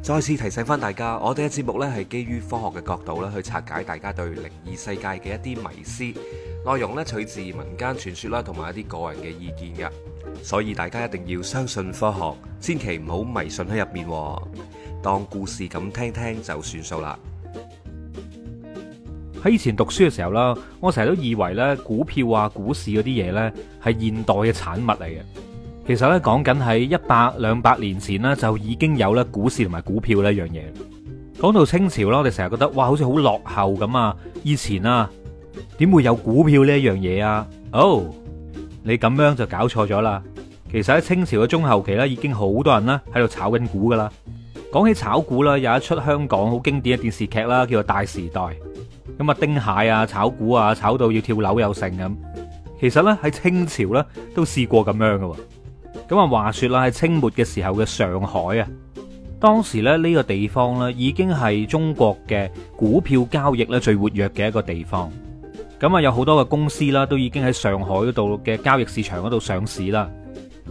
再次提醒翻大家，我哋嘅節目咧係基於科學嘅角度啦，去拆解大家對靈異世界嘅一啲迷思。內容咧取自民間傳說啦，同埋一啲個人嘅意見嘅，所以大家一定要相信科學，千祈唔好迷信喺入面，當故事咁聽聽就算數啦。喺以前讀書嘅時候啦，我成日都以為咧股票啊、股市嗰啲嘢呢係現代嘅產物嚟嘅。其實咧，講緊喺一百兩百年前咧就已經有咧股市同埋股票呢一樣嘢。講到清朝啦，我哋成日覺得哇，好似好落後咁啊！以前啊，點會有股票呢一樣嘢啊？哦，你咁樣就搞錯咗啦。其實喺清朝嘅中後期咧，已經好多人咧喺度炒緊股噶啦。講起炒股啦，有一出香港好經典嘅電視劇啦，叫做《大時代》。咁啊，丁蟹啊，炒股啊，炒到要跳樓有成咁。其實咧喺清朝咧都試過咁樣噶。咁啊，話説啦，係清末嘅時候嘅上海啊，當時咧呢個地方呢，已經係中國嘅股票交易咧最活躍嘅一個地方。咁啊，有好多嘅公司啦，都已經喺上海度嘅交易市場嗰度上市啦。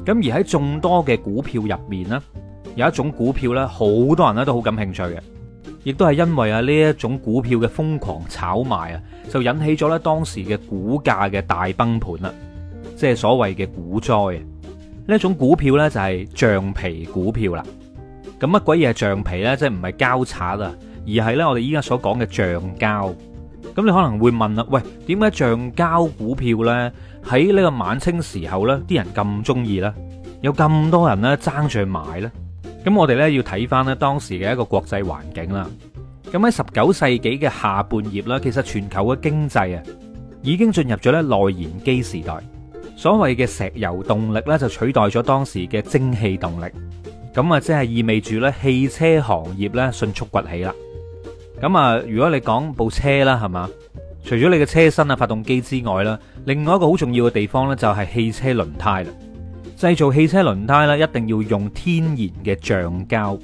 咁而喺眾多嘅股票入面呢，有一種股票呢，好多人咧都好感興趣嘅，亦都係因為啊呢一種股票嘅瘋狂炒賣啊，就引起咗呢當時嘅股價嘅大崩盤啦，即係所謂嘅股災。呢一種股票呢，就係、是、橡皮股票啦。咁乜鬼嘢係橡皮呢？即係唔係膠擦啊？而係呢我哋依家所講嘅橡膠。咁你可能會問啦，「喂，點解橡膠股票呢？喺呢個晚清時候呢，啲人咁中意呢，有咁多人呢爭住買呢？」咁我哋呢，要睇翻呢當時嘅一個國際環境啦。咁喺十九世紀嘅下半葉啦，其實全球嘅經濟啊已經進入咗呢內燃機時代。所謂嘅石油動力咧，就取代咗當時嘅蒸汽動力，咁啊，即係意味住咧汽車行業咧迅速崛起啦。咁啊，如果你講部車啦，係嘛？除咗你嘅車身啊、發動機之外啦，另外一個好重要嘅地方咧，就係汽車輪胎啦。製造汽車輪胎咧，一定要用天然嘅橡膠，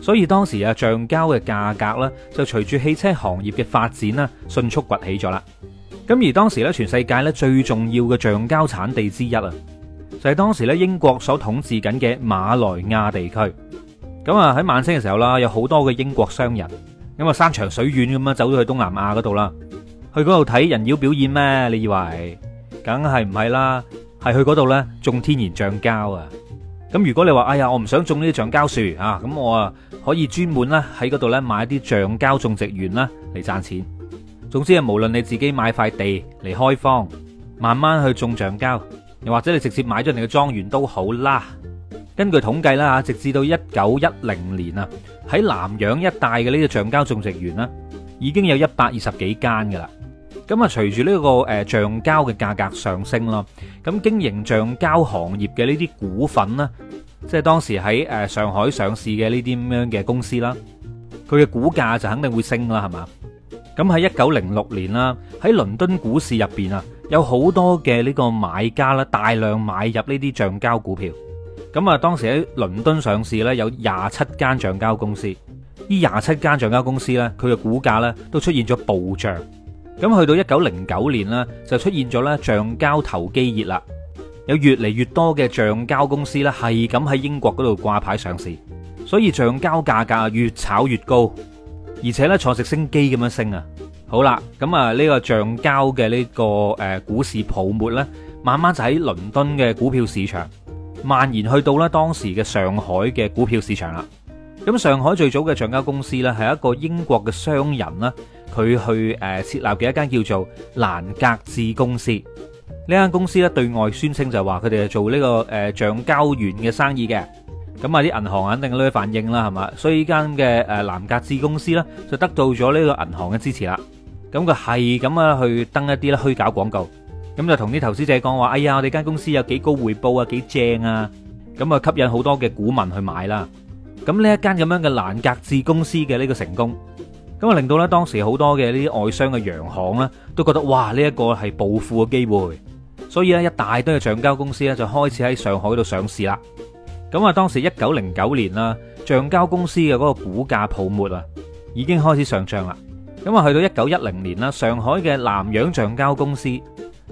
所以當時啊，橡膠嘅價格咧，就隨住汽車行業嘅發展啦，迅速崛起咗啦。咁而當時咧，全世界咧最重要嘅橡膠產地之一啊，就係、是、當時咧英國所統治緊嘅馬來亞地區。咁啊喺晚清嘅時候啦，有好多嘅英國商人咁啊、嗯、山長水遠咁樣走咗去東南亞嗰度啦，去嗰度睇人妖表演咩？你以為？梗係唔係啦。係去嗰度咧種天然橡膠啊！咁、嗯、如果你話哎呀，我唔想種呢啲橡膠樹啊，咁我啊可以專門咧喺嗰度咧買啲橡膠種植園啦嚟賺錢。總之，係無論你自己買塊地嚟開荒，慢慢去種橡膠，又或者你直接買咗你嘅莊園都好啦。根據統計啦吓，直至到1910年啊，喺南洋一帶嘅呢個橡膠種植園啦，已經有120幾間㗎喇。咁啊，隨住呢個呃橡膠嘅價格上升囉，咁經營橡膠行業嘅呢啲股份啦，即係當時喺呃上海上市嘅呢啲咁樣嘅公司啦，佢嘅股價就肯定會升啦，係嘛？咁喺一九零六年啦，喺倫敦股市入邊啊，有好多嘅呢個買家啦，大量買入呢啲橡膠股票。咁啊，當時喺倫敦上市呢，有廿七間橡膠公司。呢廿七間橡膠公司呢，佢嘅股價呢都出現咗暴漲。咁去到一九零九年呢，就出現咗呢橡膠投機熱啦。有越嚟越多嘅橡膠公司呢，係咁喺英國嗰度掛牌上市，所以橡膠價格越炒越高。而且咧坐直升機咁樣升啊！好啦，咁啊呢個橡膠嘅呢個誒股市泡沫咧，慢慢就喺倫敦嘅股票市場蔓延去到咧當時嘅上海嘅股票市場啦。咁上海最早嘅橡膠公司咧，係一個英國嘅商人啦，佢去誒設立嘅一間叫做蘭格志公司。呢間公司咧對外宣稱就係話佢哋係做呢個誒橡膠園嘅生意嘅。咁啊！啲銀行肯定都要反應啦，係嘛？所以呢間嘅誒蘭格志公司咧，就得到咗呢個銀行嘅支持啦。咁佢係咁啊，去登一啲咧虛假廣告，咁就同啲投資者講話，哎呀，我哋間公司有幾高回報啊，幾正啊！咁啊，吸引好多嘅股民去買啦。咁呢一間咁樣嘅蘭格志公司嘅呢個成功，咁啊令到咧當時好多嘅呢啲外商嘅洋行咧，都覺得哇！呢一個係暴富嘅機會，所以咧一大堆嘅橡膠公司咧就開始喺上海度上市啦。咁啊，當時一九零九年啦，橡膠公司嘅嗰個股價泡沫啊，已經開始上漲啦。咁啊，去到一九一零年啦，上海嘅南洋橡膠公司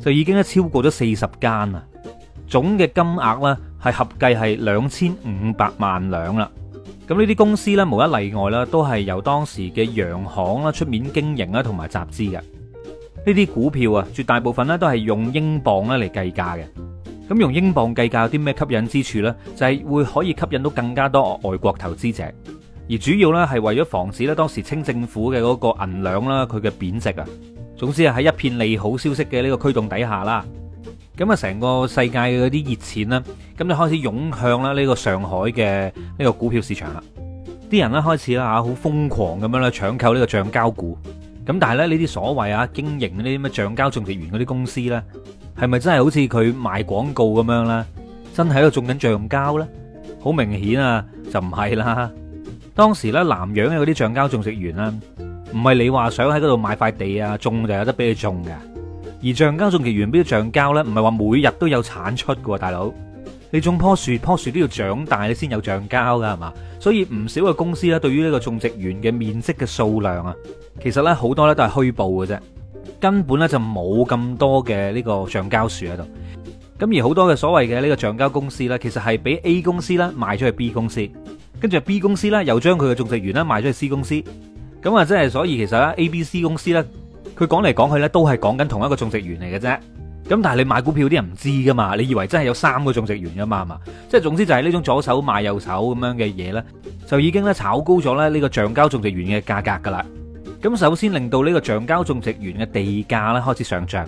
就已經咧超過咗四十間啦，總嘅金額咧係合計係兩千五百萬兩啦。咁呢啲公司咧無一例外啦，都係由當時嘅洋行啦出面經營啦同埋集資嘅。呢啲股票啊，絕大部分咧都係用英鎊咧嚟計價嘅。咁用英鎊計價有啲咩吸引之處呢？就係會可以吸引到更加多外國投資者，而主要呢係為咗防止咧當時清政府嘅嗰個銀兩啦佢嘅貶值啊。總之啊，喺一片利好消息嘅呢個驅動底下啦，咁啊成個世界嘅嗰啲熱錢啦，咁就開始湧向啦呢個上海嘅呢個股票市場啦。啲人呢開始啦嚇好瘋狂咁樣咧搶購呢個橡膠股，咁但係咧呢啲所謂啊經營呢啲咩橡膠種植園嗰啲公司呢。係咪真係好似佢賣廣告咁樣咧？真係喺度種緊橡膠咧？好明顯啊，就唔係啦。當時咧，南洋嘅嗰啲橡膠種植園啦，唔係你話想喺嗰度買塊地啊，種就有得俾你種嘅。而橡膠種植園嘅啲橡膠咧，唔係話每日都有產出嘅，大佬。你種棵樹棵樹都要長大，你先有橡膠噶係嘛？所以唔少嘅公司咧，對於呢個種植園嘅面積嘅數量啊，其實咧好多咧都係虛報嘅啫。根本咧就冇咁多嘅呢個橡膠樹喺度，咁而好多嘅所謂嘅呢個橡膠公司呢，其實係俾 A 公司呢賣出去 B 公司，跟住 B 公司呢又將佢嘅種植園咧賣出去 C 公司，咁啊即係所以其實呢 A、B、C 公司呢，佢講嚟講去呢都係講緊同一個種植園嚟嘅啫，咁但係你買股票啲人唔知噶嘛，你以為真係有三個種植園噶嘛係嘛，即係總之就係呢種左手賣右手咁樣嘅嘢呢，就已經咧炒高咗咧呢個橡膠種植園嘅價格噶啦。咁首先令到呢個橡膠種植園嘅地價咧開始上漲，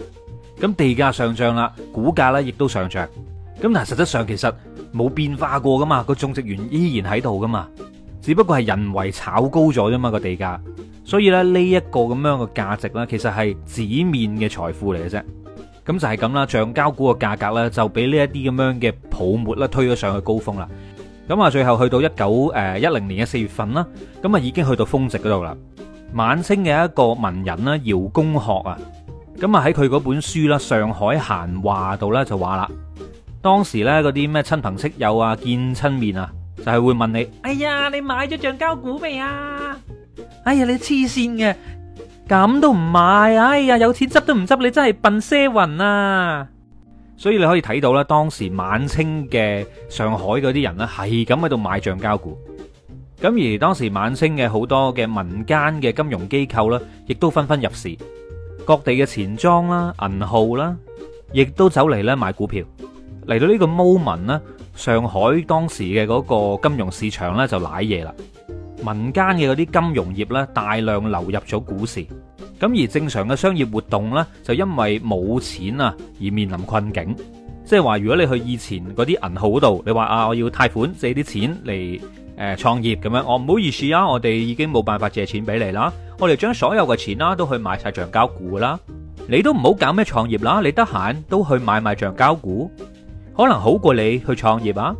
咁地價上漲啦，股價咧亦都上漲。咁但係實質上其實冇變化過噶嘛，個種植園依然喺度噶嘛，只不過係人為炒高咗啫嘛個地價，所以咧呢一個咁樣嘅價值咧，其實係紙面嘅財富嚟嘅啫。咁就係咁啦，橡膠股嘅價格咧就俾呢一啲咁樣嘅泡沫咧推咗上去高峰啦。咁啊，最後去到一九誒一零年嘅四月份啦，咁啊已經去到峰值嗰度啦。晚清嘅一個文人啦，姚公學啊，咁啊喺佢嗰本書啦《上海閒話》度咧就話啦，當時咧嗰啲咩親朋戚友啊見親面啊，就係、是、會問你，哎你，哎呀，你買咗橡膠股未啊？哎呀，你黐線嘅，咁都唔買，哎呀，有錢執都唔執，你真係笨些雲啊！所以你可以睇到咧，當時晚清嘅上海嗰啲人咧，係咁喺度買橡膠股。咁而當時晚清嘅好多嘅民間嘅金融機構呢，亦都紛紛入市，各地嘅錢莊啦、啊、銀號啦、啊，亦都走嚟咧買股票。嚟到呢個 moment 咧，上海當時嘅嗰個金融市場呢，就瀨嘢啦，民間嘅嗰啲金融業呢，大量流入咗股市。咁而正常嘅商業活動呢，就因為冇錢啊而面臨困境。即係話，如果你去以前嗰啲銀號度，你話啊，我要貸款借啲錢嚟。誒，創業咁樣，我唔好意思啊，我哋已經冇辦法借錢俾你啦。我哋將所有嘅錢啦，都去買晒橡膠股啦。你都唔好搞咩創業啦，你得閒都去買賣橡膠股，可能好過你去創業啊。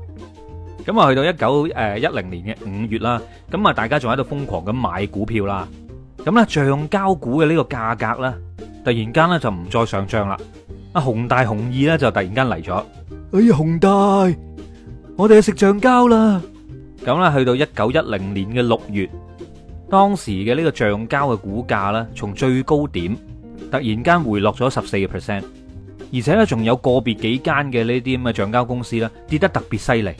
咁啊，去到一九誒一零年嘅五月啦，咁啊，大家仲喺度瘋狂咁買股票啦。咁咧，橡膠股嘅呢個價格咧，突然間咧就唔再上漲啦。阿熊大、熊二咧就突然間嚟咗。哎呀，熊大，我哋去食橡膠啦。咁咧，去到一九一零年嘅六月，當時嘅呢個橡膠嘅股價咧，從最高點突然間回落咗十四個 percent，而且咧仲有個別幾間嘅呢啲咁嘅橡膠公司咧，跌得特別犀利。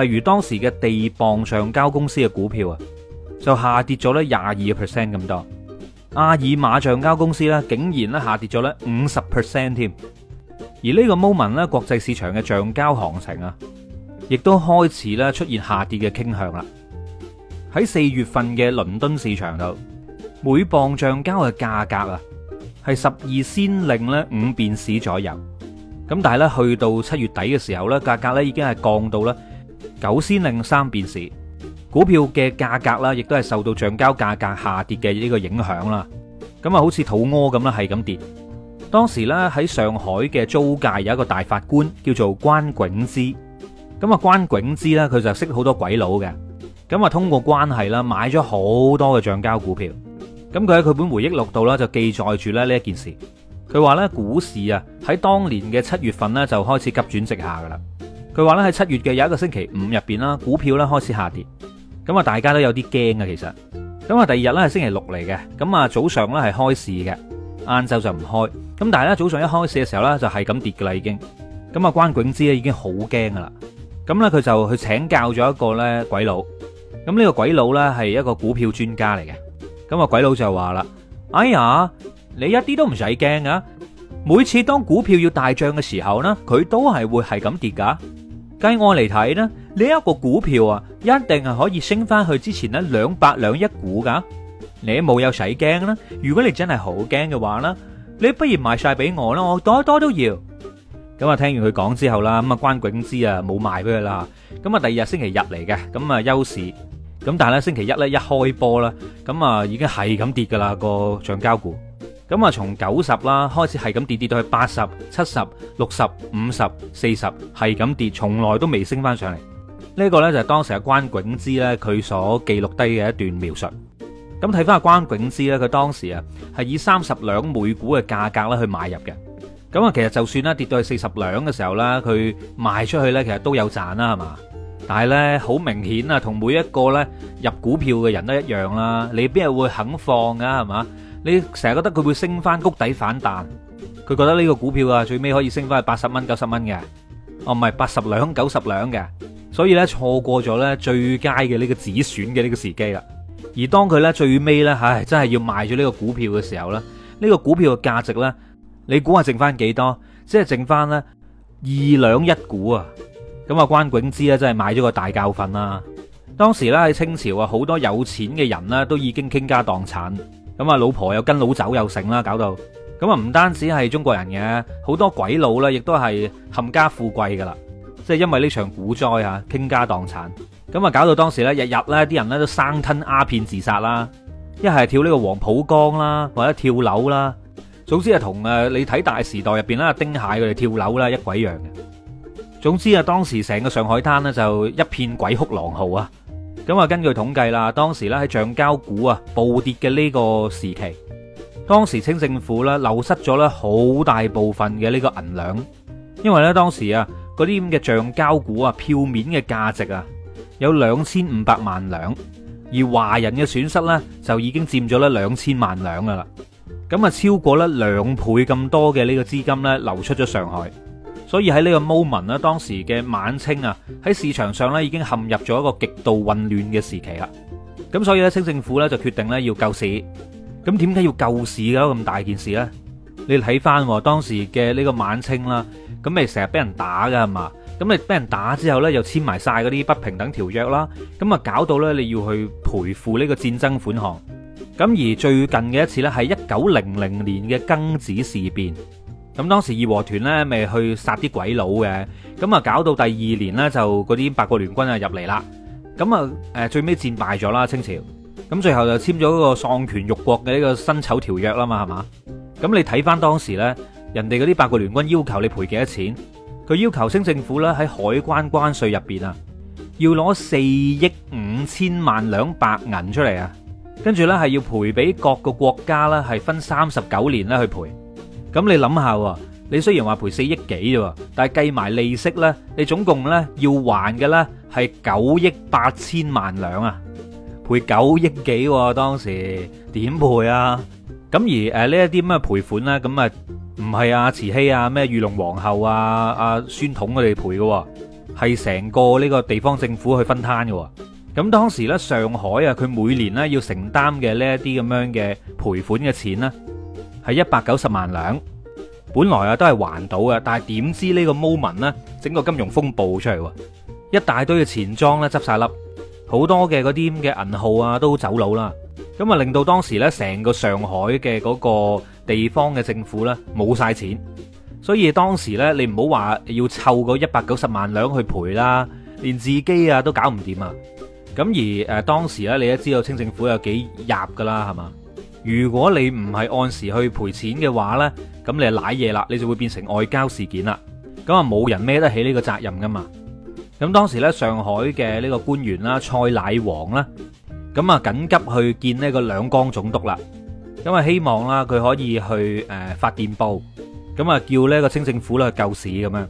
例如當時嘅地磅橡膠公司嘅股票啊，就下跌咗咧廿二個 percent 咁多。阿爾瑪橡膠公司咧，竟然咧下跌咗咧五十 percent 添。而呢個 moment 咧，國際市場嘅橡膠行情啊，亦都開始咧出現下跌嘅傾向啦。喺四月份嘅倫敦市場度，每磅橡膠嘅價格啊，係十二先令咧五便士左右。咁但係咧去到七月底嘅時候咧，價格咧已經係降到咧九先令三便士。股票嘅價格啦，亦都係受到橡膠價格下跌嘅呢個影響啦。咁啊，好似肚屙咁啦，係咁跌。當時咧喺上海嘅租界有一個大法官叫做關炯之。咁啊，關景芝啦，佢就識好多鬼佬嘅。咁啊，通過關係啦，買咗好多嘅橡膠股票。咁佢喺佢本回憶錄度啦，就記載住咧呢一件事。佢話咧，股市啊喺當年嘅七月份咧就開始急轉直下噶啦。佢話咧喺七月嘅有一個星期五入邊啦，股票咧開始下跌。咁啊，大家都有啲驚嘅其實。咁啊，第二日咧係星期六嚟嘅。咁啊，早上咧係開市嘅，晏晝就唔開。咁但係咧早上一開市嘅時候咧就係咁跌噶啦，已經。咁啊，關景芝咧已經好驚噶啦。咁咧，佢就去請教咗一個咧鬼佬。咁呢個鬼佬咧係一個股票專家嚟嘅。咁啊，鬼佬就話啦：哎呀，你一啲都唔使驚噶。每次當股票要大漲嘅時候呢，佢都係會係咁跌噶。計我嚟睇呢，呢一個股票啊，一定係可以升翻去之前呢兩百兩一股噶。你冇有使驚啦？如果你真係好驚嘅話呢，你不如賣晒俾我啦，我多多都要。咁啊，聽完佢講之後啦，咁啊，關炯之啊冇賣俾佢啦吓。咁啊，第二日星期日嚟嘅，咁啊休市。咁但係咧，星期一咧一開波啦，咁啊已經係咁跌噶啦個橡膠股。咁啊，從九十啦開始係咁跌，跌到去八十、七十、六十、五十、四十係咁跌，從來都未升翻上嚟。呢一個咧就係當時阿關炯之咧佢所記錄低嘅一段描述。咁睇翻阿關炯之咧，佢當時啊係以三十兩每股嘅價格咧去買入嘅。咁啊，其實就算啦，跌到去四十兩嘅時候啦，佢賣出去呢，其實都有賺啦，係嘛？但係呢，好明顯啊，同每一個咧入股票嘅人都一樣啦，你邊度會肯放噶，係嘛？你成日覺得佢會升翻谷底反彈，佢覺得呢個股票啊最尾可以升翻八十蚊、九十蚊嘅，哦唔係八十兩、九十兩嘅，所以呢，錯過咗呢最佳嘅呢個止損嘅呢個時機啦。而當佢呢，最尾呢，唉，真係要賣咗呢個股票嘅時候呢，呢個股票嘅價值呢。你估下剩翻幾多？即係剩翻呢二兩一股啊！咁啊，關景之咧真係買咗個大教訓啦，啊。當時咧喺清朝啊，好多有錢嘅人呢都已經傾家蕩產，咁啊老婆又跟老酒又成啦，搞到咁啊唔單止係中國人嘅，好多鬼佬呢亦都係冚家富貴噶啦，即係因為呢場股災啊，傾家蕩產，咁啊搞到當時呢，日日呢啲人呢都生吞鴉片自殺啦，一係跳呢個黃浦江啦，或者跳樓啦。總之啊，同誒你睇大時代入邊啦，丁蟹佢哋跳樓啦，一鬼樣嘅。總之啊，當時成個上海灘咧就一片鬼哭狼嚎啊。咁啊，根據統計啦，當時咧喺橡膠股啊暴跌嘅呢個時期，當時清政府咧流失咗咧好大部分嘅呢個銀兩，因為咧當時啊嗰啲咁嘅橡膠股啊票面嘅價值啊有兩千五百萬兩，而華人嘅損失咧就已經占咗咧兩千萬兩噶啦。咁啊，超過咧兩倍咁多嘅呢個資金咧流出咗上海，所以喺呢個 moment 咧，當時嘅晚清啊，喺市場上咧已經陷入咗一個極度混亂嘅時期啦。咁所以咧，清政府咧就決定咧要救市。咁點解要救市㗎？咁大件事咧？你睇返當時嘅呢個晚清啦，咁咪成日俾人打㗎係嘛？咁你俾人打之後呢又簽埋晒嗰啲不平等條約啦，咁啊搞到咧你要去賠付呢個戰爭款項。咁而最近嘅一次呢，係一九零零年嘅庚子事變。咁當時義和團呢咪去殺啲鬼佬嘅。咁啊，搞到第二年呢，就嗰啲八國聯軍啊入嚟啦。咁啊，誒最尾戰敗咗啦清朝。咁最後就簽咗一個喪權辱國嘅呢個辛丑條約啦嘛，係嘛？咁你睇翻當時呢，人哋嗰啲八國聯軍要求你賠幾多錢？佢要求清政府咧喺海關關稅入邊啊，要攞四億五千萬兩白銀出嚟啊！跟住咧，係要賠俾各個國家啦，係分三十九年咧去賠。咁你諗下喎，你雖然話賠四億幾啫，但係計埋利息呢，你總共呢要還嘅呢係九億八千萬兩啊！賠九億幾喎，當時點賠啊？咁而誒呢一啲咩賠款呢？咁啊唔係阿慈禧啊咩御龍皇后啊阿宣統佢哋賠嘅，係成個呢個地方政府去分攤嘅。咁當時咧，上海啊，佢每年咧要承擔嘅呢一啲咁樣嘅賠款嘅錢呢係一百九十萬兩。本來啊都係還到嘅，但係點知呢個 moment，呢整個金融風暴出嚟，一大堆嘅錢莊咧執晒笠，好多嘅嗰啲咁嘅銀號啊都走佬啦。咁啊令到當時咧成個上海嘅嗰個地方嘅政府咧冇晒錢，所以當時咧你唔好話要湊個一百九十萬兩去賠啦，連自己啊都搞唔掂啊！咁而誒當時咧，你都知道清政府有幾弱噶啦，係嘛？如果你唔係按時去賠錢嘅話咧，咁你係賴嘢啦，你就會變成外交事件啦。咁啊，冇人孭得起呢個責任噶嘛。咁當時咧，上海嘅呢個官員啦，蔡乃煌啦，咁啊緊急去見呢個兩江總督啦，咁啊希望啦佢可以去誒發電報，咁啊叫呢個清政府咧去救市咁樣。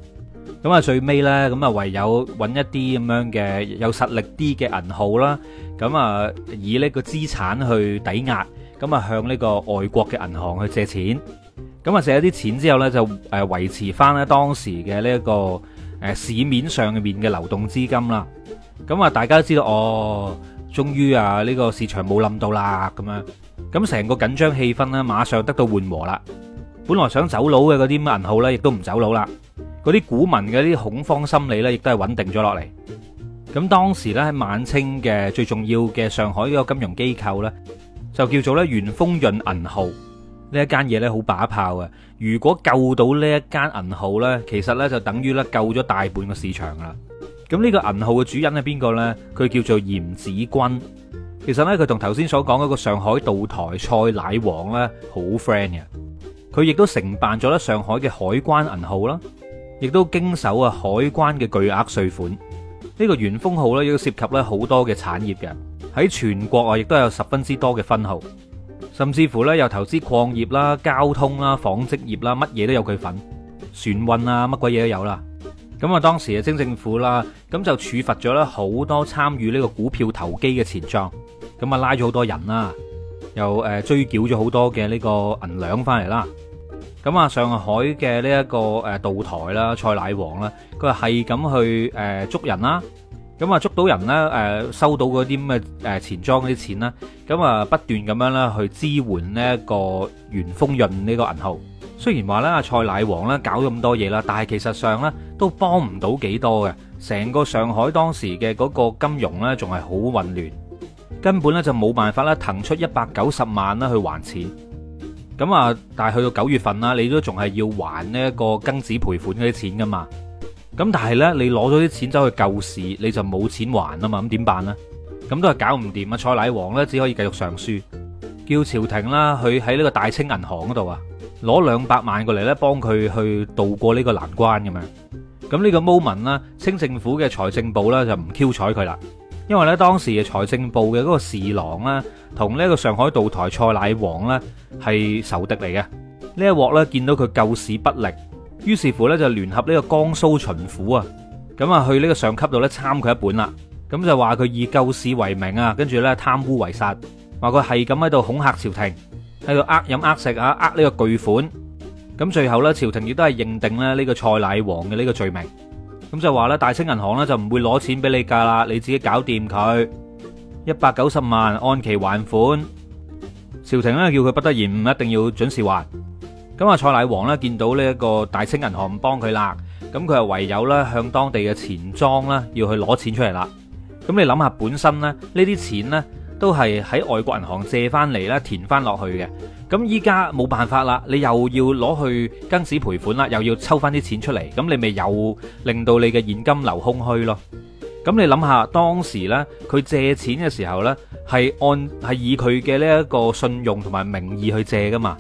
咁啊，最尾咧，咁啊，唯有揾一啲咁樣嘅有實力啲嘅銀號啦，咁啊，以呢個資產去抵押，咁啊，向呢個外國嘅銀行去借錢，咁啊，借咗啲錢之後咧，就誒維持翻咧當時嘅呢一個誒市面上面嘅流動資金啦。咁啊，大家都知道哦，終於啊，呢個市場冇冧到啦，咁樣，咁成個緊張氣氛咧，馬上得到緩和啦。本來想走佬嘅嗰啲銀號咧，亦都唔走佬啦。嗰啲股民嘅啲恐慌心理咧，亦都係穩定咗落嚟。咁當時咧，喺晚清嘅最重要嘅上海呢個金融機構咧，就叫做咧源豐潤銀號一呢一間嘢咧，好把炮嘅。如果救到呢一間銀號咧，其實咧就等於咧救咗大半個市場啦。咁呢個銀號嘅主人係邊個咧？佢叫做嚴子君。其實咧佢同頭先所講嗰個上海道台蔡乃煌咧好 friend 嘅。佢亦都承辦咗咧上海嘅海關銀號啦。亦都經手啊海關嘅巨額稅款，呢、這個元豐號咧，要涉及咧好多嘅產業嘅，喺全國啊，亦都有十分之多嘅分號，甚至乎咧又投資礦業啦、交通啦、紡織業啦，乜嘢都有佢份，船運啊，乜鬼嘢都有啦。咁啊，當時啊，清政府啦，咁就處罰咗咧好多參與呢個股票投機嘅錢莊，咁啊拉咗好多人啦，又誒追繳咗好多嘅呢個銀兩翻嚟啦。咁啊，上海嘅呢一個誒道台啦，蔡乃煌啦，佢係咁去誒捉人啦，咁啊捉到人咧誒，收到嗰啲咩嘅誒錢莊啲錢啦，咁啊不斷咁樣啦去支援呢一個源豐潤呢個銀號。雖然話咧，蔡乃煌咧搞咁多嘢啦，但係其實上咧都幫唔到幾多嘅，成個上海當時嘅嗰個金融咧仲係好混亂，根本咧就冇辦法咧騰出一百九十萬啦去還錢。咁啊，但係去到九月份啦，你都仲係要還呢一個庚子賠款嗰啲錢噶嘛？咁但係呢，你攞咗啲錢走去救市，你就冇錢還啊嘛？咁點辦呢？咁都係搞唔掂啊！蔡乃煌呢，只可以繼續上書，叫朝廷啦，佢喺呢個大清銀行嗰度啊，攞兩百萬過嚟呢，幫佢去渡過呢個難關咁樣。咁呢個 moment 呢，清政府嘅財政部呢，就唔 Q 采佢啦。因為咧當時嘅財政部嘅嗰個侍郎咧，同呢一個上海道台蔡乃煌咧係仇敵嚟嘅。呢一鑊咧，見到佢救市不力，於是乎咧就聯合呢個江蘇巡撫啊，咁啊去呢個上級度咧參佢一本啦。咁就話佢以救市為名啊，跟住咧貪污為實，話佢係咁喺度恐嚇朝廷，喺度呃飲呃食啊，呃呢個巨款。咁最後咧朝廷亦都係認定咧呢個蔡乃煌嘅呢個罪名。咁就話咧，大清銀行咧就唔會攞錢俾你噶啦，你自己搞掂佢，一百九十萬按期還款。朝廷呢，叫佢不得延誤，一定要準時還。咁啊，蔡乃煌呢，見到呢一個大清銀行唔幫佢啦，咁佢係唯有咧向當地嘅錢莊啦要去攞錢出嚟啦。咁你諗下本身呢，呢啲錢呢。都係喺外國銀行借翻嚟啦，填翻落去嘅。咁依家冇辦法啦，你又要攞去庚子賠款啦，又要抽翻啲錢出嚟，咁你咪又令到你嘅現金流空虛咯。咁你諗下，當時呢，佢借錢嘅時候呢，係按係以佢嘅呢一個信用同埋名義去借噶嘛？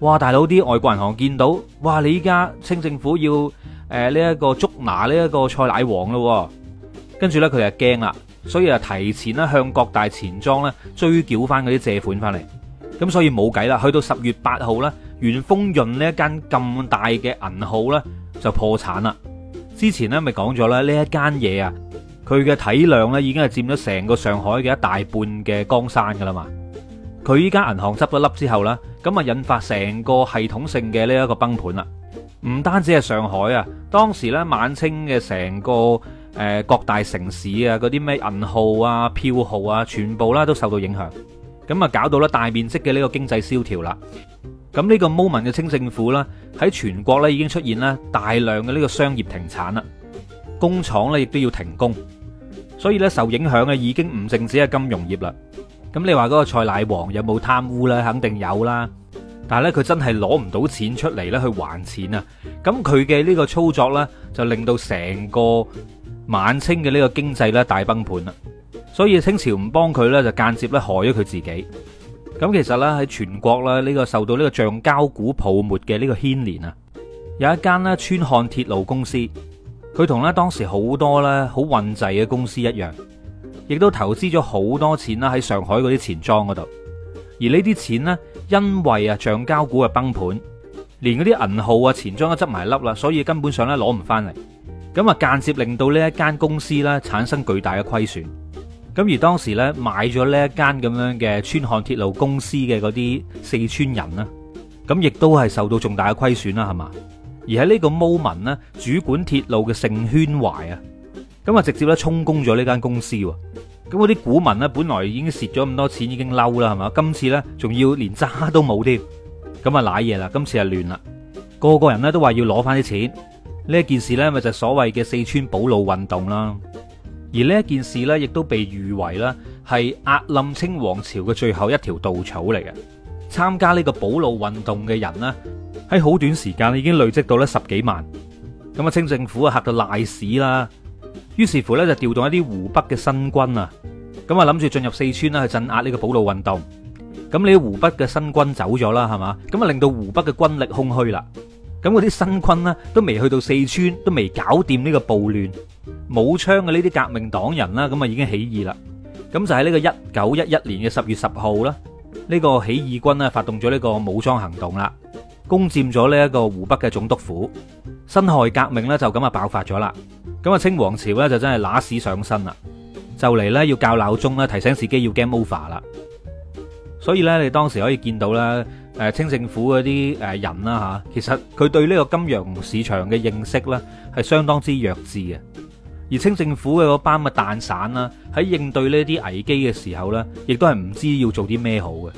哇，大佬啲外國銀行見到，哇你依家清政府要誒呢一個捉拿呢一個蔡乃煌咯，跟住呢，佢就驚啦。所以啊，提前咧向各大錢莊咧追繳翻嗰啲借款翻嚟，咁所以冇計啦。去到十月八號咧，元豐潤呢一間咁大嘅銀號咧就破產啦。之前咧咪講咗咧，呢一間嘢啊，佢嘅體量咧已經係佔咗成個上海嘅一大半嘅江山噶啦嘛。佢呢間銀行執咗笠之後啦，咁啊引發成個系統性嘅呢一個崩盤啦。唔單止係上海啊，當時咧晚清嘅成個。誒各大城市啊，嗰啲咩銀號啊、票號啊，全部啦都受到影響，咁啊搞到咧大面積嘅呢個經濟蕭條啦。咁呢個 moment 嘅清政府呢，喺全國呢已經出現啦大量嘅呢個商業停產啦，工廠咧亦都要停工，所以呢受影響嘅已經唔淨止係金融業啦。咁你話嗰個蔡乃煌有冇貪污咧？肯定有啦，但係咧佢真係攞唔到錢出嚟咧去還錢啊。咁佢嘅呢個操作呢，就令到成個。晚清嘅呢個經濟咧大崩盤啦，所以清朝唔幫佢咧，就間接咧害咗佢自己。咁其實咧喺全國咧，呢個受到呢個橡膠股泡沫嘅呢個牽連啊，有一間咧川漢鐵路公司，佢同咧當時好多咧好混滯嘅公司一樣，亦都投資咗好多錢啦喺上海嗰啲錢莊嗰度。而呢啲錢呢，因為啊橡膠股嘅崩盤，連嗰啲銀號啊錢莊都執埋笠啦，所以根本上咧攞唔翻嚟。咁啊，間接令到呢一間公司咧產生巨大嘅虧損。咁而當時咧買咗呢一間咁樣嘅川漢鐵路公司嘅嗰啲四川人咧，咁亦都係受到重大嘅虧損啦，係嘛？而喺呢個 moment 咧主管鐵路嘅盛宣懷啊，咁啊直接咧充公咗呢間公司。咁嗰啲股民咧本來已經蝕咗咁多錢，已經嬲啦，係嘛？今次咧仲要連渣都冇添。咁啊瀨嘢啦，今次就亂啦，個個人咧都話要攞翻啲錢。呢一件事呢，咪就係所謂嘅四川保路運動啦。而呢一件事呢，亦都被譽為咧係壓冧清王朝嘅最後一條稻草嚟嘅。參加呢個保路運動嘅人呢，喺好短時間已經累積到咧十幾萬。咁啊，清政府啊嚇到賴屎啦。於是乎呢，就調動一啲湖北嘅新軍啊。咁啊，諗住進入四川咧去鎮壓呢個保路運動。咁你湖北嘅新軍走咗啦，係嘛？咁啊，令到湖北嘅軍力空虛啦。咁嗰啲新軍呢，都未去到四川，都未搞掂呢個暴亂，武昌嘅呢啲革命黨人啦，咁啊已經起義啦。咁就喺呢個一九一一年嘅十月十號啦，呢個起義軍呢，發動咗呢個武裝行動啦，攻佔咗呢一個湖北嘅總督府，辛亥革命呢，就咁啊爆發咗啦。咁啊清王朝呢，就真係揦屎上身啦，就嚟呢，要校鬧鐘咧提醒自己要 game over 啦。所以呢，你當時可以見到啦。誒清政府嗰啲誒人啦嚇，其實佢對呢個金融市場嘅認識呢係相當之弱智嘅，而清政府嘅班嘅蛋散啦，喺應對呢啲危機嘅時候呢，亦都係唔知要做啲咩好嘅，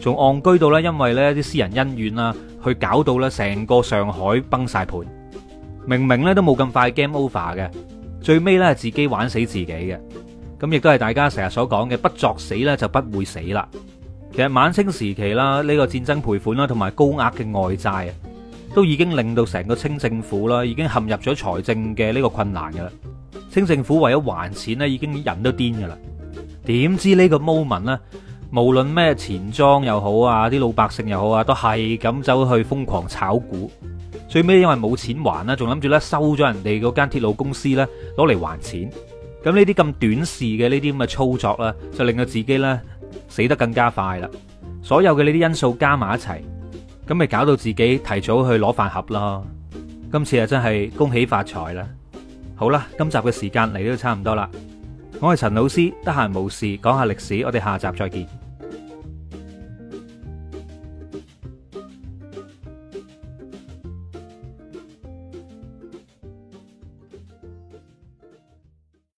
從戇居到呢，因為呢啲私人恩怨啦，去搞到呢成個上海崩晒盤，明明呢都冇咁快 game over 嘅，最尾呢，係自己玩死自己嘅，咁亦都係大家成日所講嘅不作死呢，就不會死啦。其實晚清時期啦，呢個戰爭賠款啦，同埋高額嘅外債啊，都已經令到成個清政府啦，已經陷入咗財政嘅呢個困難噶啦。清政府為咗還錢咧，已經人都癲噶啦。點知呢個 moment 呢，無論咩錢莊又好啊，啲老百姓又好啊，都係咁走去瘋狂炒股。最尾因為冇錢還啦，仲諗住咧收咗人哋嗰間鐵路公司咧，攞嚟還錢。咁呢啲咁短視嘅呢啲咁嘅操作啦，就令到自己咧。死得更加快啦！所有嘅呢啲因素加埋一齊，咁咪搞到自己提早去攞飯盒咯！今次啊，真係恭喜發財啦！好啦，今集嘅時間嚟到差唔多啦，我係陳老師，得閒無事講下歷史，我哋下集再見。